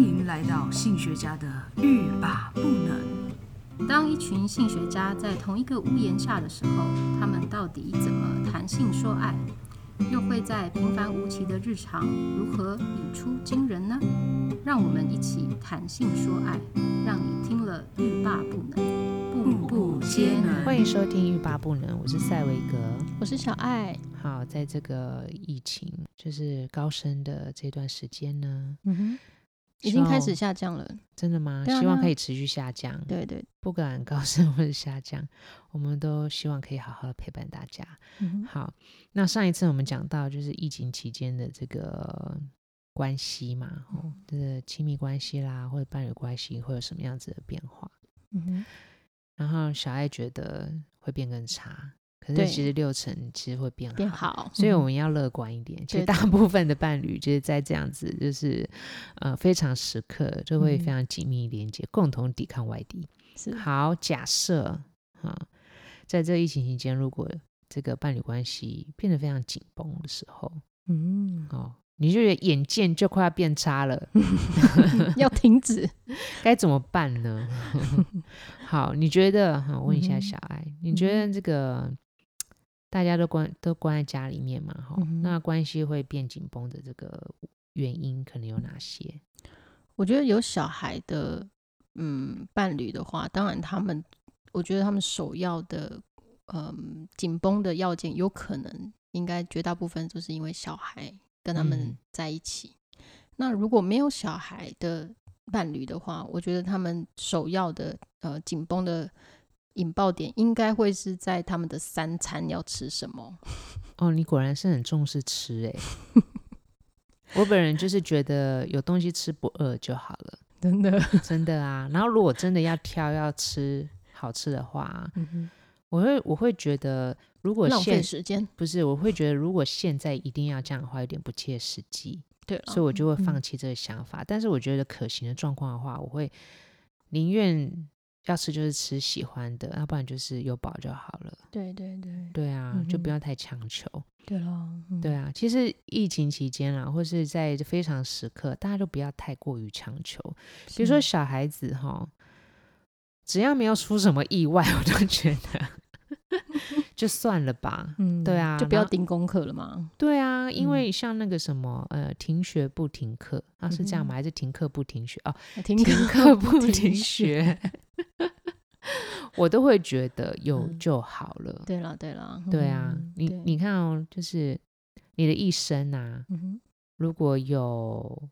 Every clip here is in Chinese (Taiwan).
歡迎來到性學家的慾罷不能。當一群性學家在同一個屋檐下的時候，他們到底怎麼談性說愛？又會在平凡無奇的日常如何語出驚人呢？讓我們一起談性說愛，讓你聽了慾罷不能，步步艱難。歡迎收聽《慾罷不能》，我是賽維格，我是小愛。好，在這個疫情就是高升的這段時間呢，嗯哼。已經開始下降了，真的嗎？啊、希望可以持續下降。對對，不管高升或者下降，我們都希望可以好好的陪伴大家。嗯、哼好，那上一次我們講到就是疫情期間的這個關係嘛、嗯哦，就是親密關係啦，或者伴侶關係會有什麼樣子的變化？嗯哼然後小愛覺得會變更差。可是其實六成其實會變好，變好嗯、所以我們要樂觀一點。其實大部分的伴侶就是在這樣子，就是對對對呃非常時刻就會非常緊密連接，嗯、共同抵抗外敵。是好，假設啊、哦，在這疫情期間，如果這個伴侶關係變得非常緊繃的時候，嗯，哦，你就覺得眼見就快要變差了， 要停止，該怎麼辦呢？ 好，你覺得？我、哦、問一下小艾，嗯、哼你覺得這個？嗯大家都關都關在家裡面嘛，哈，嗯、哼那關係會變緊繃的這個原因可能有哪些？我覺得有小孩的，嗯，伴侶的話，當然他們，我覺得他們首要的，嗯，緊繃的要件，有可能應該絕大部分就是因為小孩跟他們在一起。嗯、那如果沒有小孩的伴侶的話，我覺得他們首要的，呃，緊繃的。引爆點應該會是在他們的三餐要吃什麼？哦，你果然是很重視吃哎、欸！ 我本人就是覺得有東西吃不餓就好了，真的真的啊。然後如果真的要挑要吃好吃的話，嗯、哼我會我會覺得如果浪費時間不是？我會覺得如果現在一定要這樣的話，有點不切實際。對、啊，所以我就會放棄這個想法。嗯嗯但是我覺得可行的狀況的話，我會寧願。要吃就是吃喜歡的，要不然就是有飽就好了。對對對，對啊，嗯、哼就不要太強求。對咯、嗯、對啊，其實疫情期間啊，或是在非常時刻，大家都不要太過於強求。比如說小孩子哈，是只要沒有出什麼意外，我都覺得。 就算了吧，嗯，對啊，就不要盯功課了嘛。對啊，因為像那個什麼，呃，停學不停課，啊，是這樣嗎？還是停課不停學？啊，停課不停學，我都會覺得有就好了。對了，對了，對啊，你你看哦，就是你的一生啊，如果有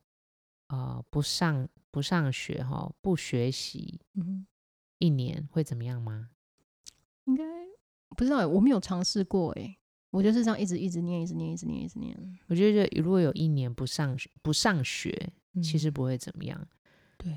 呃不上不上學哈，不學習，一年會怎麼樣嗎？應該。不知道，我沒有嘗試過哎，我就是這樣一直一直念，一直念，一直念，一直念。我覺得如果有一年不上學，不上學，其實不會怎麼樣。對，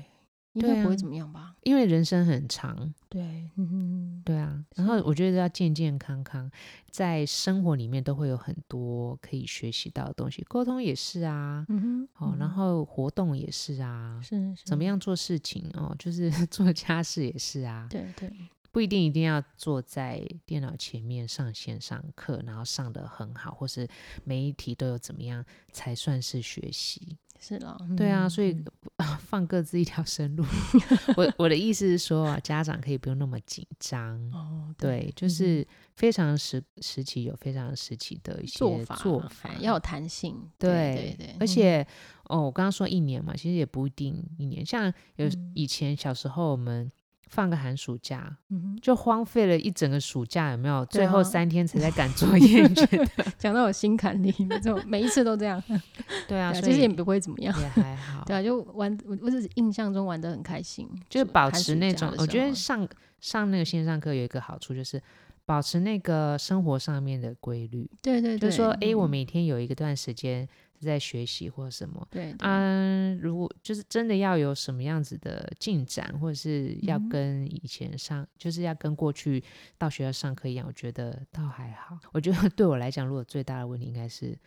應該不會怎麼樣吧？因為人生很長。對，嗯哼，對啊。然後我覺得要健健康康，在生活裡面都會有很多可以學習到的東西，溝通也是啊，嗯哼。然後活動也是啊，是是，怎麼樣做事情哦，就是做家事也是啊，對對。不一定一定要坐在電腦前面上線上課，然後上得很好，或是每一題都有怎麼樣才算是學習？是的、啊嗯、對啊，所以、嗯、放各自一條生路。 我我的意思是說、啊，家長可以不用那麼緊張哦。 對，就是非常時時期有非常時期的一些做法，做法啊、要有彈性。對對對，對嗯、而且哦，我剛剛說一年嘛，其實也不一定一年。像有以前小時候我們。放個寒暑假，嗯、哼就荒廢了一整個暑假，有沒有？啊、最後三天才在趕作業， 講到我心坎裡，就每一次都這樣。 對啊，其實、啊、以也不會怎麼樣，也還好。 對啊，就玩，我是印象中玩得很開心，就是保持那種。我覺得上上那個線上課有一個好處，就是保持那個生活上面的規律。對，對對，就是說，哎、嗯欸，我每天有一個段時間。在學習或什麼？對,對，啊，如果就是真的要有什麼樣子的進展，或者是要跟以前上，嗯、就是要跟過去到學校上課一樣，我覺得倒還好。我覺得對我來講，如果最大的問題應該是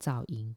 噪音。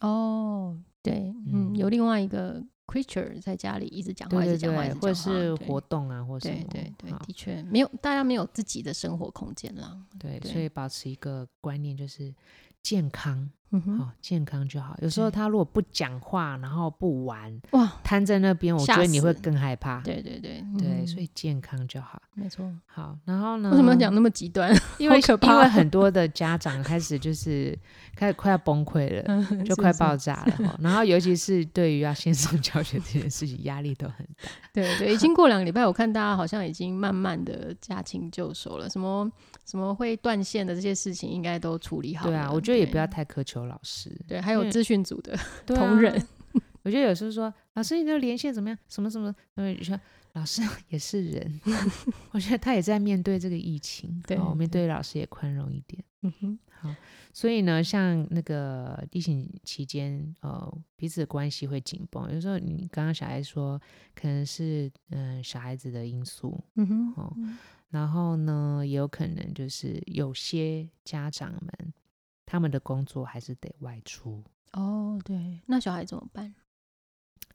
哦，對，嗯,嗯，有另外一個 creature 在家裡一直講話，一直講話，或者是活動啊，對或是什麼，對對對，好的確沒有，大家沒有自己的生活空間了。對，對所以保持一個觀念就是健康。好，健康就好。有時候他如果不講話，然後不玩，哇，癱在那邊，我覺得你會更害怕。對對對對，所以健康就好。沒錯。好，然後呢？為什麼要講那麼極端？因為因為很多的家長開始就是開始快要崩潰了，就快爆炸了。然後尤其是對於要線上教學這件事情，壓力都很大。對對，已經過兩個禮拜，我看大家好像已經慢慢的駕輕就熟了。什麼什麼會斷線的這些事情，應該都處理好。對啊，我覺得也不要太苛求。有老師對，還有資訊組的同仁，嗯啊、 我覺得有時候說老師，你的連線怎麼樣？什麼什麼？因為你說老師也是人， 我覺得他也在面對這個疫情，對，對、哦，面對老師也寬容一點。嗯哼，好，所以呢，像那個疫情期間、呃，彼此的關係會緊繃。有時候你剛剛小孩說，可能是嗯小孩子的因素，嗯哼，哦，然後呢，也有可能就是有些家長們，他們的工作還是得外出哦，對，那小孩怎麼辦？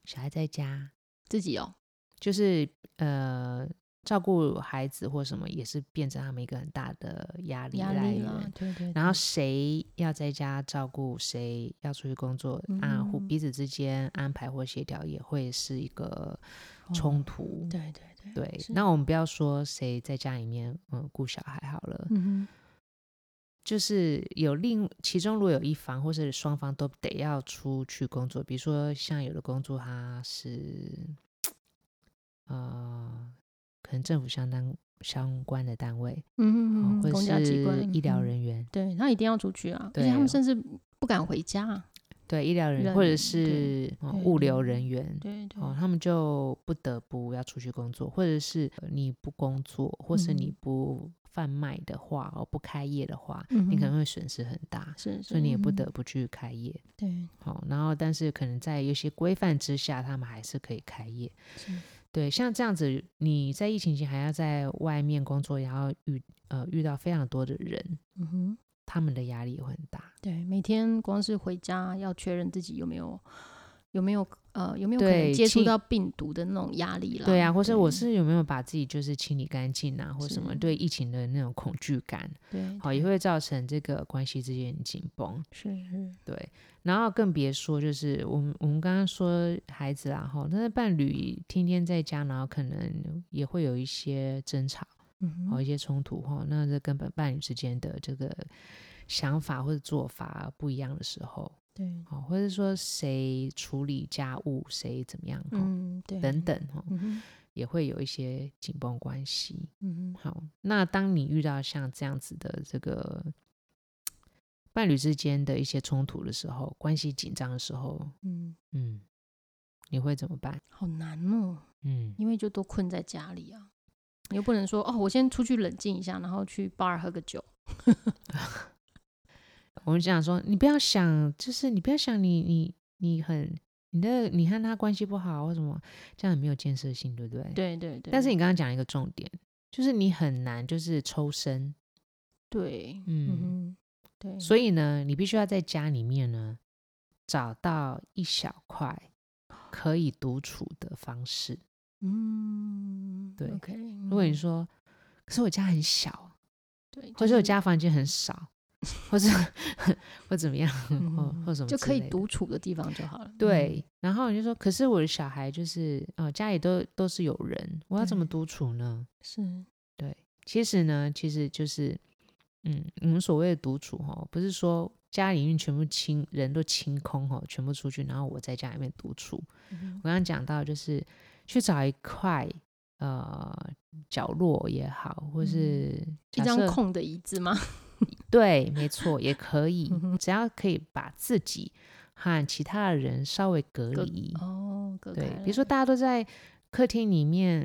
小孩在家自己哦，就是呃，照顧孩子或什麼也是變成他們一個很大的壓力來源。對對。然後誰要在家照顧，誰要出去工作，啊，或彼此之間安排或協調也會是一個衝突，對對對。那我們不要說誰在家裡面嗯顧小孩好了，嗯哼。就是有另其中，如果有一方或是雙方都得要出去工作，比如說像有的工作，他是，啊、呃，可能政府相當相關的單位，嗯，嗯或者是醫療人員，嗯、對，那一定要出去啊，而且對他們甚至不敢回家，對，醫療人員或者是、嗯、物流人員，對，哦，他們就不得不要出去工作，或者是你不工作，或是你不。嗯販賣的話，哦，不開業的話，嗯、哼你可能會損失很大，是，是，所以你也不得不去開業，嗯、對，好、哦，然後但是可能在一些規範之下，他們還是可以開業，是對，像這樣子，你在疫情期間還要在外面工作，然後遇呃遇到非常多的人，嗯哼，他們的壓力也會很大，對，每天光是回家要確認自己有沒有。有沒有呃有沒有可能接觸到病毒的那種壓力啦？對啊，或者我是有沒有把自己就是清理乾淨啊，是或什麼對疫情的那種恐懼感對？對，好、哦、也會造成這個關係之間很緊繃。是是，對。然後更別說就是我們我們剛剛說孩子啊，哦，但是伴侶天天在家，然後可能也會有一些爭吵，好、嗯哼哦、一些衝突哈、哦。那這跟本伴侶之間的這個想法或者做法不一樣的時候。對，或者說誰處理家務，誰怎麼樣，嗯、等等，嗯、哼也會有一些緊繃關係。嗯、哼好，那當你遇到像這樣子的這個伴侶之間的一些衝突的時候，關係緊張的時候，嗯嗯、你會怎麼辦？好難哦，嗯、因為就都困在家裡啊，你又不能說哦，我先出去冷靜一下，然後去 bar 喝個酒。 我們講說，你不要想，就是你不要想你，你你你很，你的你和他關係不好或什麼，這樣也沒有建設性，對不對？對對對。但是你剛剛講一個重點，就是你很難就是抽身，對，嗯，嗯，對。所以呢，你必須要在家裡面呢，找到一小塊可以獨處的方式。嗯，對。Okay, 嗯。如果你說，可是我家很小，對，或是我家房間很少。就是 或者或怎麼樣，或或什麼就可以獨處的地方就好了。對，嗯、然後你就說，可是我的小孩就是哦、呃，家裡都都是有人，對我要怎麼獨處呢？是，對，其實呢，其實就是，嗯，我們所謂的獨處哈，不是說家裡面全部清，人都清空哈，全部出去，然後我在家裡面獨處。嗯、哼我剛剛講到，就是去找一塊呃角落也好，或是、嗯、設一張空的椅子嗎？對，沒錯，也可以， 嗯、哼只要可以把自己和其他的人稍微隔離隔、哦、隔開了，對，比如說大家都在客廳裡面，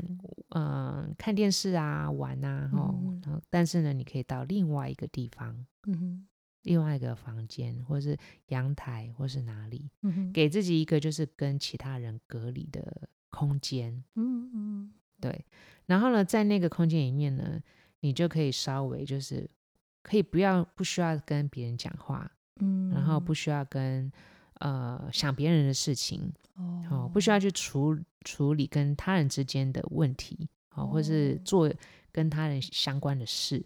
嗯、呃，看電視啊，玩啊、哦嗯哼，但是呢，你可以到另外一個地方，嗯、哼另外一個房間，或是陽台，或是哪裡，嗯、哼給自己一個就是跟其他人隔離的空間，嗯嗯哼，對。然後呢，在那個空間裡面呢，你就可以稍微就是。可以不要不需要跟別人講話，嗯，然後不需要跟呃想別人的事情哦，哦，不需要去處處理跟他人之間的問題，哦，或是做跟他人相關的事，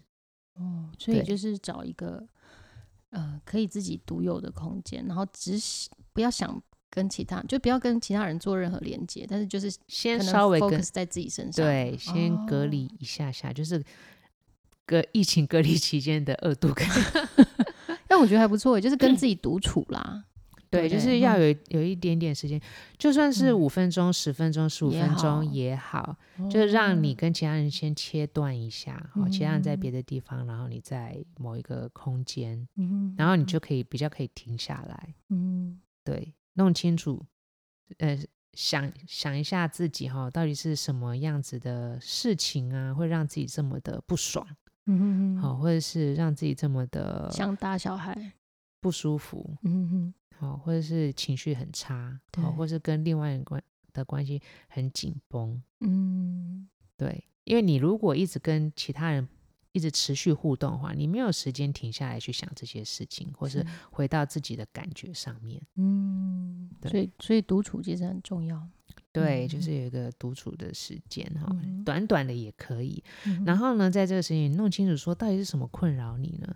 哦，所以就是找一個對呃可以自己獨有的空間，然後只不要想跟其他，就不要跟其他人做任何連接，但是就是先稍微 focus 在自己身上，對，先隔離一下下，哦，就是。隔疫情隔離期間的惡毒感， 但我覺得還不錯，就是跟自己獨處啦。嗯、對，就是要有有一點點時間，就算是五分鐘、十、嗯、分鐘、十五分鐘也好，就是讓你跟其他人先切斷一下。哦，其他人在別的地方，然後你在某一個空間，嗯、然後你就可以比較可以停下來。嗯、對，弄清楚，呃，想想一下自己哈，到底是什麼樣子的事情啊，會讓自己這麼的不爽。嗯哼哼，好，或者是讓自己這麼的像大小孩，不舒服。嗯哼，好，或者是情緒很差，好對，或者是跟另外一個人關的關係很緊繃。嗯，對，因為你如果一直跟其他人一直持續互動的話，你沒有時間停下來去想這些事情，或是回到自己的感覺上面。嗯，對所以所以獨處其實很重要。對，嗯、哼就是有一個獨處的時間哈，嗯、哼短短的也可以。嗯、哼然後呢，在這個時間弄清楚說到底是什麼困擾你呢？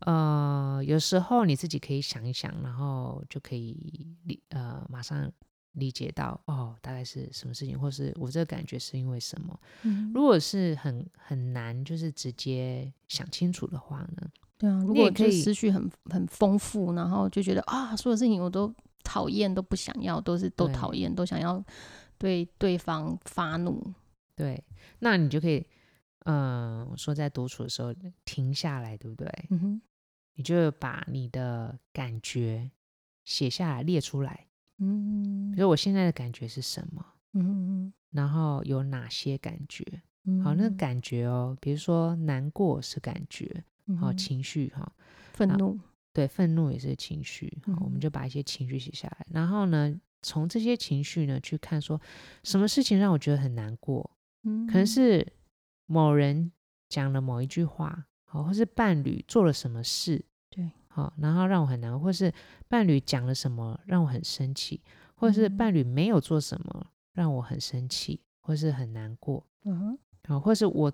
呃，有時候你自己可以想一想，然後就可以理呃馬上理解到哦，大概是什麼事情，或是我這個感覺是因為什麼。嗯、哼如果是很很難就是直接想清楚的話呢？對啊，如果可以思緒很很豐富，然後就覺得啊，所有事情我都討厭都不想要，都是都討厭，對都想要對對方發怒。對，那你就可以，嗯、呃，我說在獨處的時候停下來，對不對？嗯、哼你就把你的感覺寫下來，列出來。嗯哼，比如說我現在的感覺是什麼？嗯哼，然後有哪些感覺？嗯、哼好，那個、感覺哦，比如說難過是感覺，好、嗯、哼情緒哈、哦，憤怒。對，憤怒也是情緒，我們就把一些情緒寫下來，嗯、然後呢，從這些情緒呢去看說，說什麼事情讓我覺得很難過，嗯嗯，可能是某人講了某一句話，或是伴侶做了什麼事，對，好，然後讓我很難過，或是伴侶講了什麼讓我很生氣，或是伴侶沒有做什麼讓我很生氣，或是很難過，嗯哼、嗯，或是我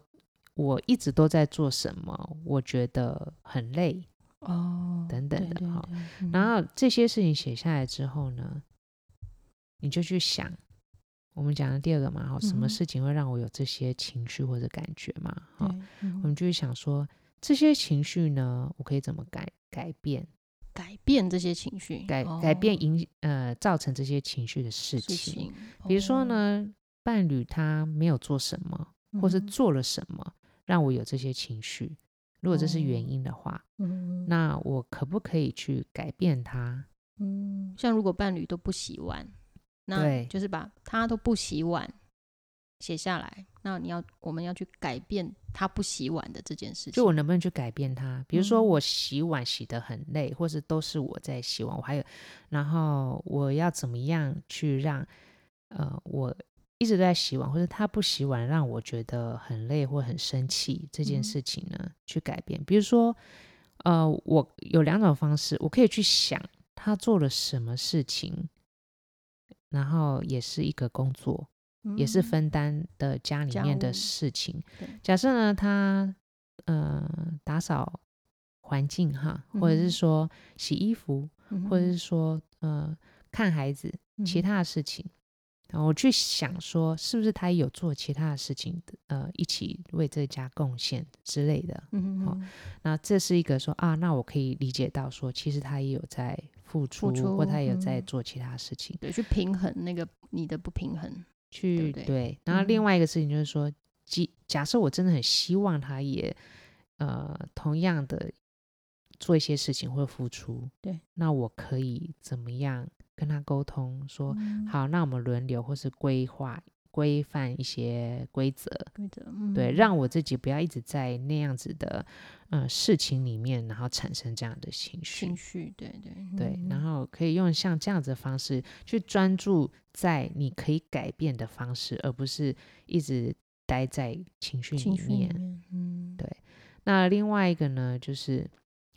我一直都在做什麼，我覺得很累。哦，等等的哈，對對對嗯、然後這些事情寫下來之後呢，你就去想，我們講的第二個嘛，嗯、什麼事情會讓我有這些情緒或者感覺嘛？哈，嗯、我們就去想說，這些情緒呢，我可以怎麼改改變？改變這些情緒，改、哦、改變影呃造成這些情緒的事情，事情比如說呢，嗯、伴侶他沒有做什麼，或是做了什麼，嗯、讓我有這些情緒。如果這是原因的話，哦嗯、那我可不可以去改變他？嗯，像如果伴侶都不洗碗，對那就是把他都不洗碗寫下來。那你要，我們要去改變他不洗碗的這件事情。就我能不能去改變他？比如說我洗碗洗得很累，嗯、或是都是我在洗碗，我還有，然後我要怎麼樣去讓呃我。一直都在洗碗，或者他不洗碗讓我覺得很累或很生氣這件事情呢，嗯、去改變。比如說，呃，我有兩種方式，我可以去想他做了什麼事情，然後也是一個工作，嗯、也是分擔的家裡面的事情。家務。假設呢，他呃打掃環境哈，嗯、或者是說洗衣服，嗯、或者是說呃看孩子，嗯、其他的事情。然後我去想說，是不是他也有做其他的事情的，呃，一起為這家貢獻之類的。嗯哼哼，好、哦，那這是一個說啊，那我可以理解到說，其實他也有在付出，付出或他也有在做其他事情，嗯，對，去平衡那個你的不平衡，去對，對，對。然後另外一個事情就是說，嗯、即假設我真的很希望他也呃同樣的做一些事情或付出，對，那我可以怎麼樣？跟他溝通說，好，那我們輪流，或是規劃規範一些規則，規則嗯、對，讓我自己不要一直在那樣子的呃事情裡面，然後產生這樣的情緒，情緒對對、嗯、對，然後可以用像這樣子的方式去專注在你可以改變的方式，而不是一直待在情緒裡面，裡面嗯、對。那另外一個呢，就是。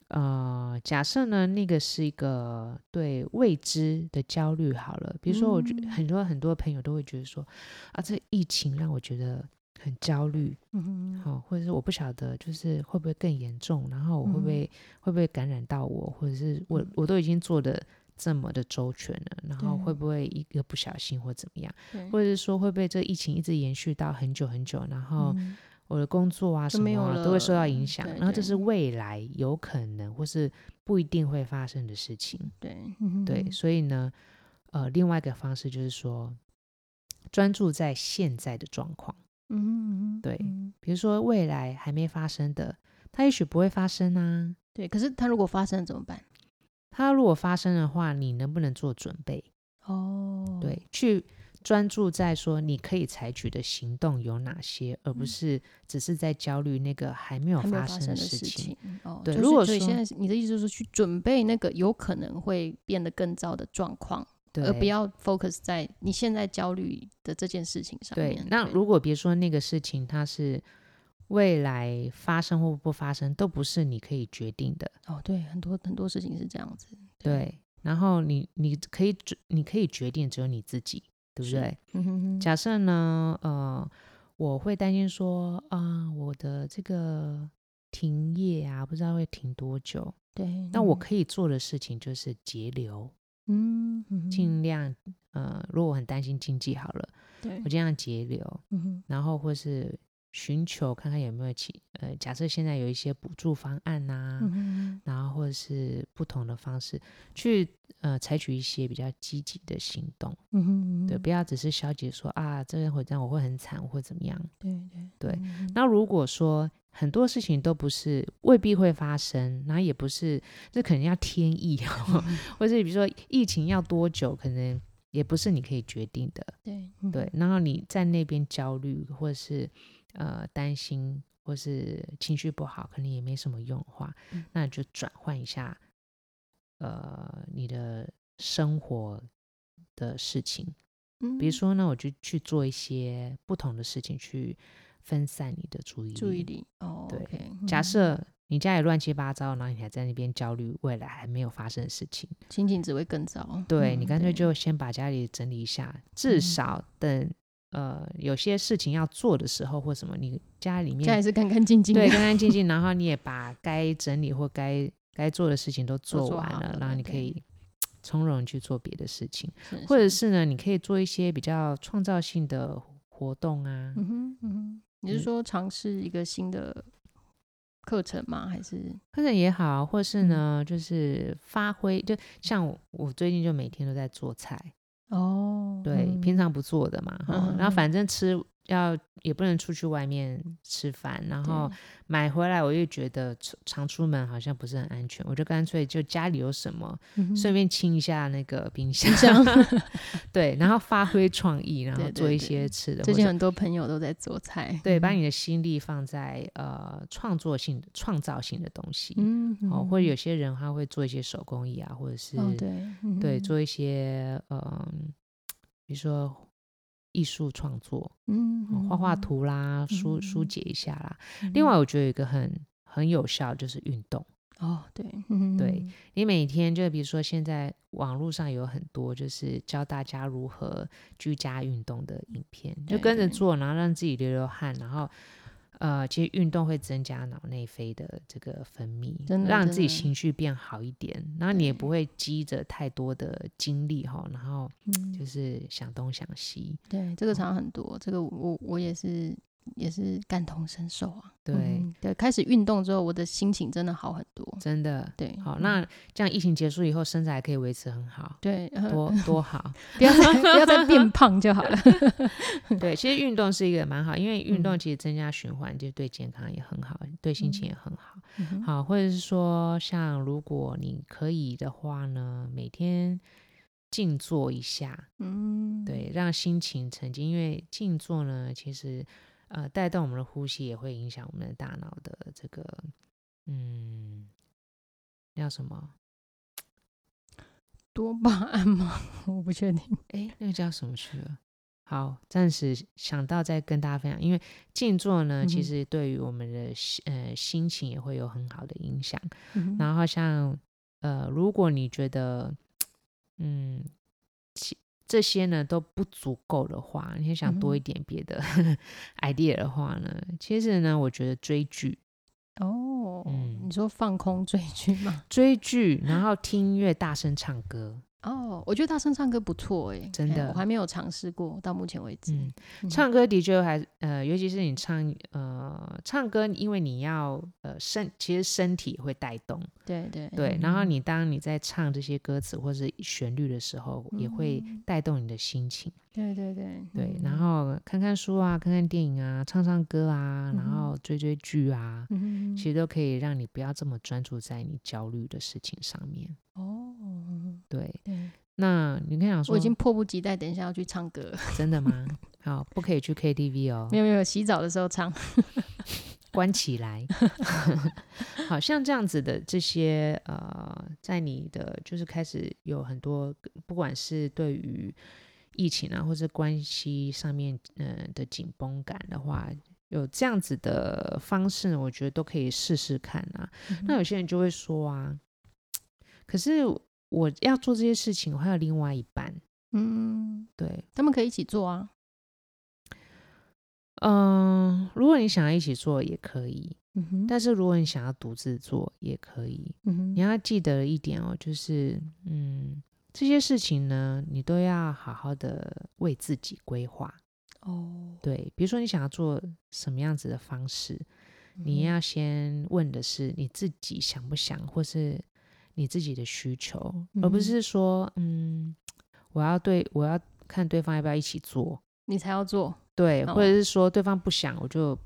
呃，假設呢，那個是一個對未知的焦慮好了，比如說我覺很多，嗯、很多朋友都會覺得說，啊，這疫情讓我覺得很焦慮，嗯，好哼、哦，或者是我不曉得就是會不會更嚴重，然後我會不會、嗯、會不會感染到我，或者是我、嗯、我都已經做的這麼的周全了，然後會不會一個不小心或怎麼樣，對或者是說會不會這疫情一直延續到很久很久，然後。嗯我的工作啊，什麼、啊、都會受到影響。嗯、對對，然後這是未來有可能或是不一定會發生的事情。對、嗯、對，所以呢，呃，另外一個方式就是說，專注在現在的狀況。嗯哼嗯哼。對，嗯哼，比如說未來還沒發生的，它也許不會發生啊。對，可是它如果發生了怎麼辦？它如果發生的話，你能不能做準備？哦，對，去。專注在說你可以採取的行動有哪些，嗯、而不是只是在焦慮那個還沒有發生的事情。事情嗯、哦、對，所以現在你的意思就是去準備那個有可能會變得更糟的狀況，對，而不要 focus 在你現在焦慮的這件事情上面。對，對那如果別說那個事情，它是未來發生或不發生都不是你可以決定的。哦，對，很多很多事情是這樣子。對，對然後你你可以你可以決定只有你自己。對不對？嗯、哼，假設呢？呃，我會擔心說，啊、呃，我的這個停業啊，不知道會停多久。對，嗯、那我可以做的事情就是節流，嗯，盡、嗯、量呃，如果我很擔心經濟好了，對我盡量節流，嗯、哼然後或是尋求看看有沒有其呃，假設現在有一些補助方案啊，嗯、哼然後或者是不同的方式去。呃，採取一些比較積極的行動，嗯哼嗯哼。對，不要只是消極說啊，這邊會這樣，我會很慘，我會怎麼樣？對對對。那如果說很多事情都不是未必會發生，那也不是，這可能要天意，嗯、哼。或者是比如說疫情要多久，可能也不是你可以決定的。對、嗯、對，然後你在那邊焦慮，或是呃擔心，或是情緒不好，可能也沒什麼用的話，嗯、那你就轉換一下。呃，你的生活的事情，嗯、比如說呢，我就去做一些不同的事情，去分散你的注意力注意力。對哦，對、okay, 嗯。假設你家裡亂七八糟，然後你還在那邊焦慮未來還沒有發生的事情，心情只會更糟。對、嗯、你乾脆就先把家裡整理一下，嗯、至少等、嗯、呃有些事情要做的時候或什麼，你家裡面家裡面還是干干淨淨，對，干干淨淨。 然後你也把該整理或該。該做的事情都做完了，了然後你可以對對對從容去做別的事情。是是或者是呢，你可以做一些比較創造性的活動啊。嗯嗯、你是說嘗試一個新的課程嗎？還是課程也好，或是呢，嗯、就是發揮，就像我，我最近就每天都在做菜哦。嗯、對，嗯、平常不做的嘛，嗯嗯、哼然後反正吃，要也不能出去外面吃飯，然後買回來，我又覺得常出門好像不是很安全，對我就乾脆就家裡有什麼，順、嗯、哼便清一下那個冰箱。樣 對，然後發揮創意，然後做一些吃的。對對對，最近很多朋友都在做菜，對，把你的心力放在呃創作性的、創造性的東西，嗯哼，哦，或者有些人他會做一些手工藝啊，或者是、哦、對對做一些嗯、呃、比如說。藝術創作嗯，嗯，畫畫圖啦，疏疏、嗯、解一下啦。嗯、另外，我覺得有一個很很有效就是運動哦，對，對、嗯、你每天就比如說現在網絡上有很多就是教大家如何居家運動的影片，對對對就跟着做，然後讓自己流流汗，然後。呃，其實運動會增加腦內啡的這個分泌，的讓自己情緒變好一點，那的你也不會積着太多的精力哈，對然後就是想東想西。嗯、對，這個常很多，哦、這個我我，我也是。也是感同身受啊，對、嗯、對，開始運動之後，我的心情真的好很多，真的對。好，那這樣疫情結束以後，身材還可以維持很好，對，呃、多多好， 不要再不要再變胖就好了。 對，其實運動是一個蠻好，因為運動其實增加循環，嗯、就對健康也很好，對心情也很好。嗯、好，或者是說，像如果你可以的話呢，每天靜坐一下，嗯，對，讓心情沉靜，因為靜坐呢，其實。呃，帶動我們的呼吸也會影響我們的大腦的這個，嗯，叫什麼？多巴胺嗎？我不確定。哎、欸，那個叫什麼去了？好，暫時想到再跟大家分享。因為靜坐呢，嗯、哼其實對於我們的心呃心情也會有很好的影響。嗯、哼然後像呃，如果你覺得嗯，這些呢都不足夠的話，你還想多一點別的、嗯、 idea 的話呢？其實呢，我覺得追劇。哦，嗯、你說放空追劇嗎？追劇，然後聽音樂，大聲唱歌。哦，我覺得大聲唱歌不錯哎、欸，真的、欸，我還沒有嘗試過。到目前為止，嗯嗯、唱歌的確還呃，尤其是你唱呃唱歌，因為你要呃身，其實身體會帶動，對對對。然後你當你在唱這些歌詞或是旋律的時候，嗯、也會帶動你的心情。嗯、對對對對，然後看看書啊，看看電影啊，唱唱歌啊，然後追追劇啊，嗯、哼其實都可以讓你不要這麼專注在你焦慮的事情上面。對，那你可以想說，我已經迫不及待，等一下要去唱歌， 真的嗎？好，不可以去 KTV 哦？沒有沒有，洗澡的時候唱， 關起來。 好，像這樣子的這些呃，在你的就是開始有很多，不管是對於疫情啊，或者關係上面嗯、呃、的緊繃感的話，有這樣子的方式呢，我覺得都可以試試看啊。嗯、哼那有些人就會說啊，可是。我要做這些事情，我還有另外一半。嗯，對，他們可以一起做啊。嗯、呃，如果你想要一起做也可以，嗯、哼但是如果你想要獨自做也可以。嗯、哼你要記得一點哦，就是嗯，這些事情呢，你都要好好的為自己規劃哦。對，比如說你想要做什麼樣子的方式，嗯、哼你要先問的是你自己想不想，或是。你自己的需求，而不是說，嗯，我要對我要看對方要不要一起做，你才要做，對，或者是說對方不想，我就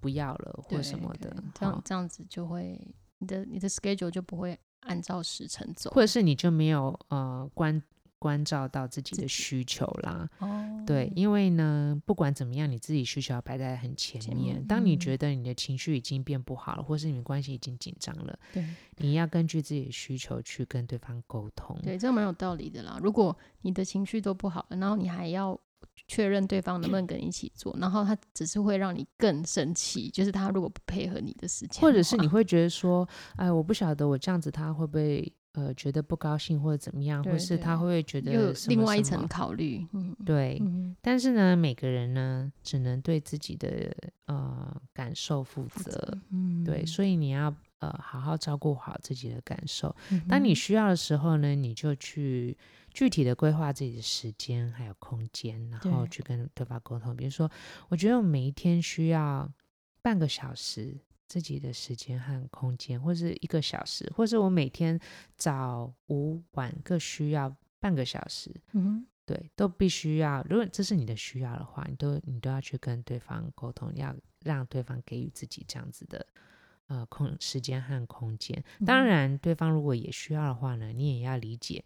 不要了，或什麼的，對對哦、這樣這樣子就會，你的你的 schedule 就不會按照時程走，或者是你就沒有呃關。關照到自己的需求啦，oh. 對，因為呢，不管怎麼樣，你自己需求要擺在很前面。嗯、當你覺得你的情緒已經變不好了，嗯、或是你們關係已經緊張了，對，你要根據自己的需求去跟對方溝通。對，這個蠻有道理的啦。如果你的情緒都不好了，然後你還要確認對方能不能跟你一起做， 然後他只是會讓你更生氣，就是他如果不配合你的時間，或者是你會覺得說，哎，我不曉得我這樣子他會不會。呃，覺得不高興或者怎麼樣，對對或是他會不會覺得有另外一層考慮，嗯、對。嗯、哼但是呢，每個人呢，只能對自己的呃感受負責，啊對，嗯、對。所以你要呃好好照顧好自己的感受。嗯、哼當你需要的時候呢，你就去具體的規劃自己的時間還有空間，然後去跟對方溝通。對比如說，我覺得我每一天需要半個小時。自己的時間和空間，或者是一個小時，或者是我每天早、午、晚各需要半個小時，嗯哼，對，都必須要。如果這是你的需要的話，你都你都要去跟對方溝通，要讓對方給予自己這樣子的呃空時間和空間。嗯哼，當然，對方如果也需要的話呢，你也要理解，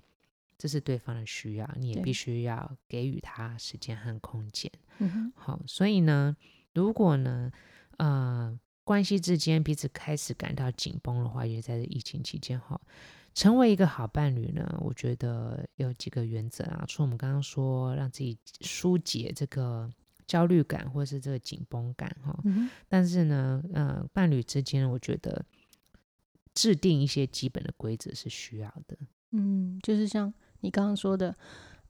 這是對方的需要，你也必須要給予他時間和空間。嗯哼，對，好，所以呢，如果呢，呃。關係之間彼此開始感到緊繃的話，也在疫情期間哈。成為一個好伴侶呢，我覺得有幾個原則啊。除了我們剛剛說讓自己疏解這個焦慮感或是這個緊繃感哈，但是呢，嗯哼、呃，伴侶之間我覺得制定一些基本的規則是需要的。嗯，就是像你剛剛說的，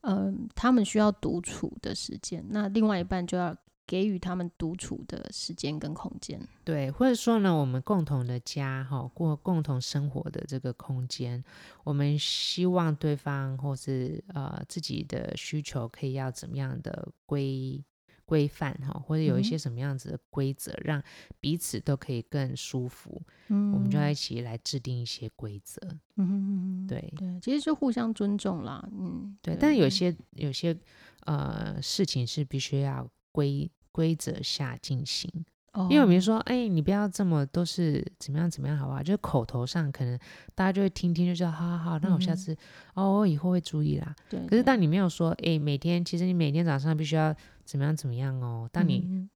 嗯、呃，他們需要獨處的時間，那另外一半就要。給予他們獨處的時間跟空間，對，或者說呢，我們共同的家哈，過、哦、共，共同生活的這個空間，我們希望對方或是呃自己的需求可以要怎麼樣的規規範哈、哦，或者有一些什麼樣子的規則，嗯、讓彼此都可以更舒服，嗯，我們就一起來制定一些規則，嗯哼哼哼，對對，其實是互相尊重啦，嗯，對，對但有些有些呃事情是必須要規。規則下進行，因為我們說，哎、欸，你不要這麼都是怎麼樣怎麼樣，好不好？就是口頭上可能大家就會聽聽就說，就覺得好好好，那我下次、嗯、哼哦，我以後會注意啦。對，對，對，可是當你沒有說，哎、欸，每天其實你每天早上必須要怎麼樣怎麼樣哦、喔，當你。嗯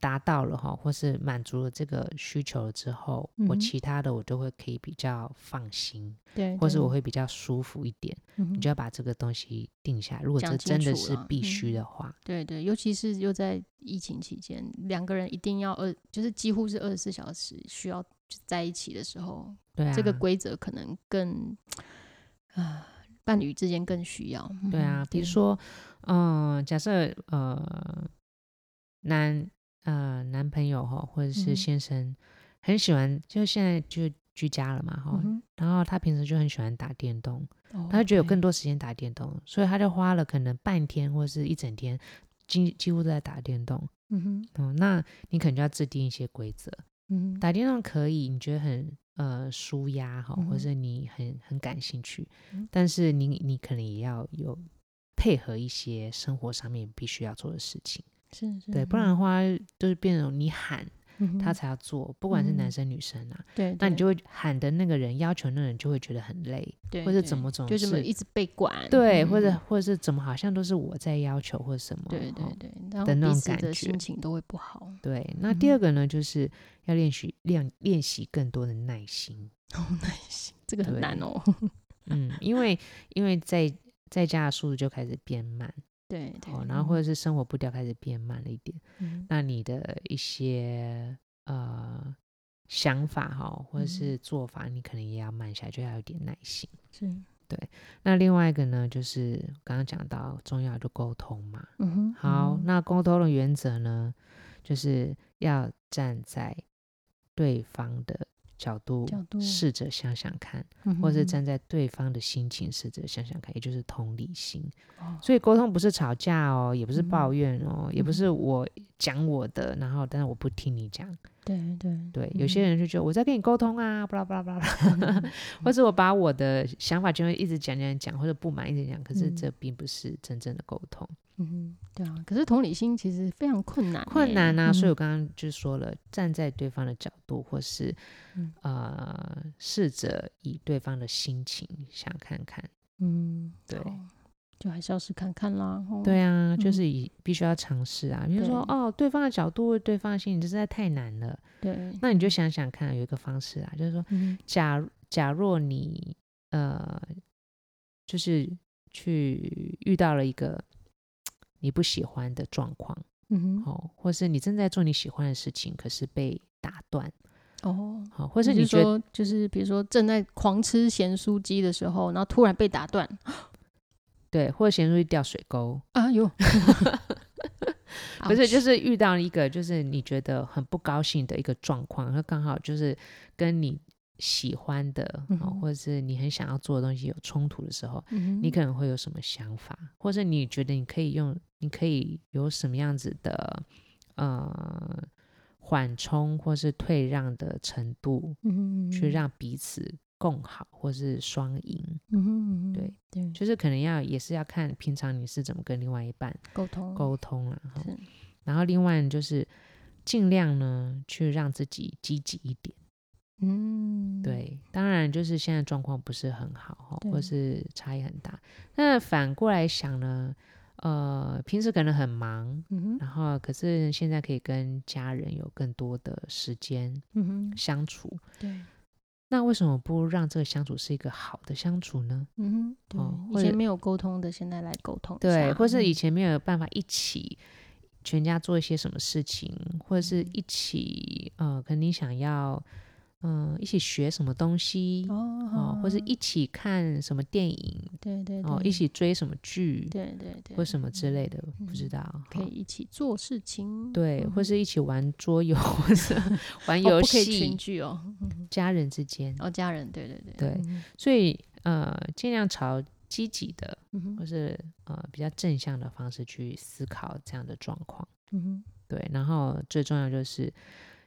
達到了哈，或是滿足了這個需求了之後，嗯、哼我其他的我都會可以比較放心，對，對，對，或是我會比較舒服一點。嗯、哼你就要把這個東西定下來，如果這真的是必須的話，嗯、對，對對，尤其是又在疫情期間，兩、嗯、個人一定要二，就是幾乎是二十四小時需要在一起的時候，對、啊，這個規則可能更啊、呃，伴侶之間更需要。對啊，比如說，嗯對、呃，假設呃，男。呃，男朋友哈，或者是先生，嗯、哼很喜歡，就現在就居家了嘛哈。嗯、哼然後他平時就很喜歡打電動，哦、他覺得有更多時間打電動，哦、嘿所以他就花了可能半天或者是一整天，幾幾乎都在打電動。嗯哼、哦，那你可能就要制定一些規則。嗯哼，打電動可以，你覺得很呃舒壓哈，或者你很很感興趣，嗯、哼但是你你可能也要有配合一些生活上面必須要做的事情。是是，對，不然的話，就是變成你喊，他才要做，不管是男生女生啊，對，那你就會喊的那個人，要求的人就會覺得很累，或者怎麼怎麼，就是一直被管，對，或者或者是怎麼，好像都是我在要求或者什麼，對對對，的那種感覺心情都會不好。對，那第二個呢，就是要練習練練習更多的耐心，哦，耐心，這個很難哦，嗯，因為因為在在家的速度就開始變慢。對，對、哦，然後或者是生活步調開始變慢了一點，嗯、那你的一些呃想法哈、哦，或者是做法，嗯、你可能也要慢下來，就要有點耐心。是對。那另外一個呢，就是剛剛講到重要的就溝通嘛。嗯哼好，嗯那溝通的原則呢，就是要站在對方的角度，試着想想看，嗯、哼或是站在對方的心情試着想想看，也就是同理心。哦、所以溝通不是吵架哦，也不是抱怨哦，嗯、哼也不是我講我的，然後但是我不聽你講。對對對，對嗯、有些人就覺得我在跟你溝通啊，巴拉巴拉巴拉， 或者我把我的想法就會一直講講講，或者不滿意的講，可是這並不是真正的溝通。嗯哼、嗯，對啊，可是同理心其實非常困難，困難啊！所以我剛剛就說了，嗯、站在對方的角度，或是、嗯、呃，試着以對方的心情想看看。嗯，對。哦就還是要試看看啦。哦、對啊，就是以、嗯、必須要嘗試啊。比如說，對哦，對方的角度、對方的心，這實在太難了。對。那你就想想看，有一個方式啊，就是說，嗯、哼假若，假若你呃，就是去遇到了一個你不喜歡的狀況，嗯哼，哦，或是你正在做你喜歡的事情，可是被打斷，哦，好、哦，或是你說，就是比如說正在狂吃鹹酥雞的時候，然後突然被打斷。對，或者陷入掉水溝啊喲！不是，就是遇到一個就是你覺得很不高興的一個狀況，然後剛好就是跟你喜歡的、嗯哼哦、或者是你很想要做的東西有衝突的時候，嗯、哼你可能會有什麼想法，或者你覺得你可以用，你可以有什麼樣子的呃緩衝或是退讓的程度，嗯、哼去讓彼此。共好，或是雙贏，嗯，哼嗯哼，對，對就是可能要也是要看平常你是怎麼跟另外一半溝通溝通然後，是然後另外就是盡量呢去讓自己積極一點，嗯，對，當然就是現在狀況不是很好、喔、對或是差異很大，那反過來想呢，呃，平時可能很忙，嗯、哼然後可是現在可以跟家人有更多的時間，相處，嗯、對。那為什麼不讓這個相處是一個好的相處呢？嗯哼，對，哦、以前沒有溝通的，現在來溝通，對，或是以前沒有辦法一起全家做一些什麼事情，嗯、或者是一起，呃，可能你想要。嗯，一起學什麼東西哦，或者一起看什麼電影，哦，一起追什麼劇，對對對，或什麼之類的，不知道可以一起做事情，對，或是一起玩桌遊，或者玩遊戲，群聚哦，家人之間哦，家人，對對對對，所以呃，盡量朝積極的，或是比較正向的方式去思考這樣的狀況，對，然後最重要就是。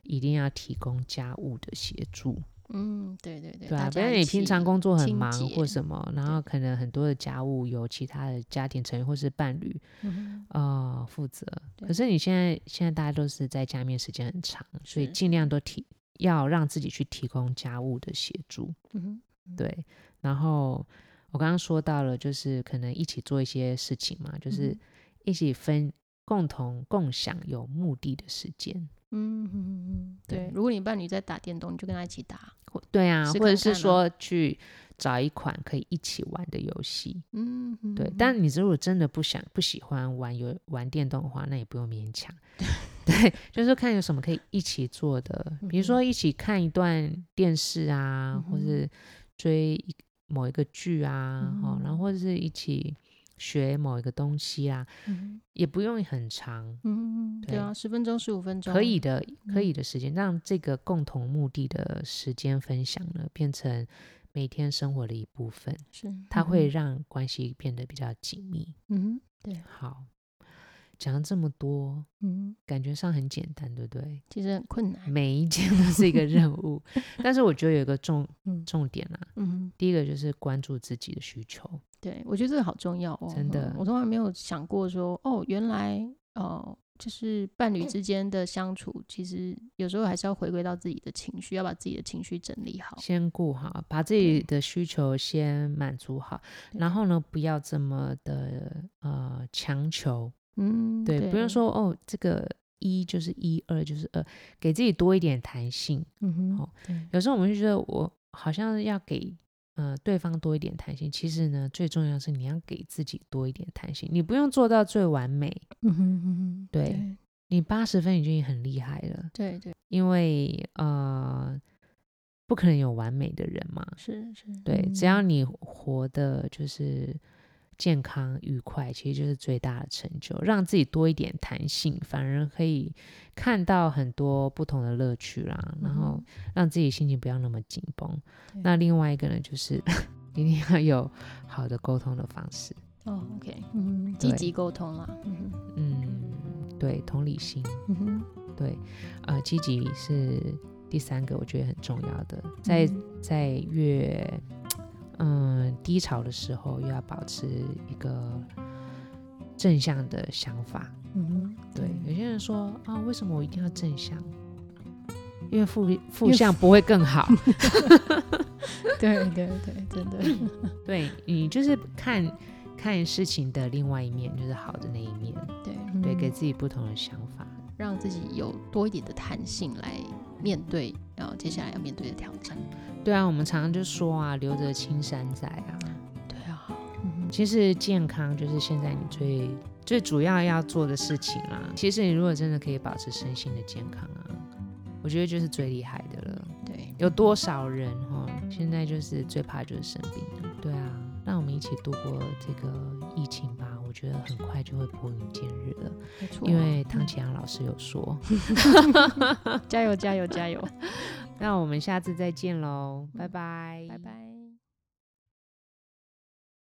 一定要提供家務的協助。嗯，對對對。對啊，比如你平常工作很忙或什麼，解然後可能很多的家務由其他的家庭成員或是伴侶啊、嗯哼呃、負責。對可是你現在現在大家都是在家面時間很長，所以儘量都提，嗯、要讓自己去提供家務的協助。嗯哼，對。然後我剛剛說到了，就是可能一起做一些事情嘛，就是一起分、嗯、哼共同共享有目的的時間。嗯嗯嗯嗯，對，對如果你伴侶在打電動，你就跟他一起打，對啊，試試看看或者是說去找一款可以一起玩的遊戲，嗯，對。嗯、哼哼，但你如果真的不想、不喜歡玩遊玩電動的話，那也不用勉強， 對，就是看有什麼可以一起做的，比如說一起看一段電視啊，嗯、哼或是追一某一個劇啊，哦、嗯哼，然後或者是一起。學某一個東西啊，也不用很長，嗯，對啊，十分鐘、十五分鐘可以的，可以的時間讓這個共同目的的時間分享呢，變成每天生活的一部分，是它會讓關係變得比較緊密，嗯，對，好，講了這麼多，嗯，感覺上很簡單，對不對？其實很困難，每一件都是一個任務，但是我覺得有一個重重點啦嗯，第一個就是關注自己的需求。對，我覺得這個好重要哦！真的，嗯、我從來沒有想過說，哦，原來，哦、呃，就是伴侶之間的相處，嗯、其實有時候還是要回歸到自己的情緒，要把自己的情緒整理好，先顧好，把自己的需求先滿足好，對然後呢，不要這麼的呃強求，嗯，對，對，不用說哦，這個一就是一，二就是二，給自己多一點彈性。嗯哼，哦，對有時候我們就覺得我好像要給。呃，對方多一點彈性，其實呢，最重要的是你要給自己多一點彈性。你不用做到最完美，嗯、哼哼對，對，你八十分已經很厲害了，對對。因為呃，不可能有完美的人嘛，是是，對，是嗯、只要你活得就是。健康愉快其實就是最大的成就，讓自己多一點彈性，反而可以看到很多不同的樂趣啦。嗯、哼然後讓自己心情不要那麼緊繃。對那另外一個呢，就是一定要有好的溝通的方式。哦，OK，嗯，對積極溝通啦、啊。嗯，嗯對，同理心。嗯哼，對，呃，積極是第三個我覺得很重要的，在、嗯、在月。嗯，低潮的時候又要保持一個正向的想法。嗯，對，對。有些人說啊，為什麼我一定要正向？因為負負向不會更好。對對對，真的。對，你就是看看事情的另外一面，就是好的那一面。對對，給自己不同的想法，讓自己有多一點的彈性來面對，然後接下來要面對的挑戰。對啊，我們常常就說啊，留着青山在啊。對啊，嗯、其實健康就是現在你最最主要要做的事情啦、啊。其實你如果真的可以保持身心的健康啊，我覺得就是最厲害的了。對，有多少人哈，現在就是最怕就是生病。對啊，讓我們一起度過這個疫情吧。我覺得很快就會撥雲見日了，沒錯、啊，因為唐啟陽老師有說。加油加油加油！加油加油那我們下次再見嘍，拜拜，拜拜。拜拜。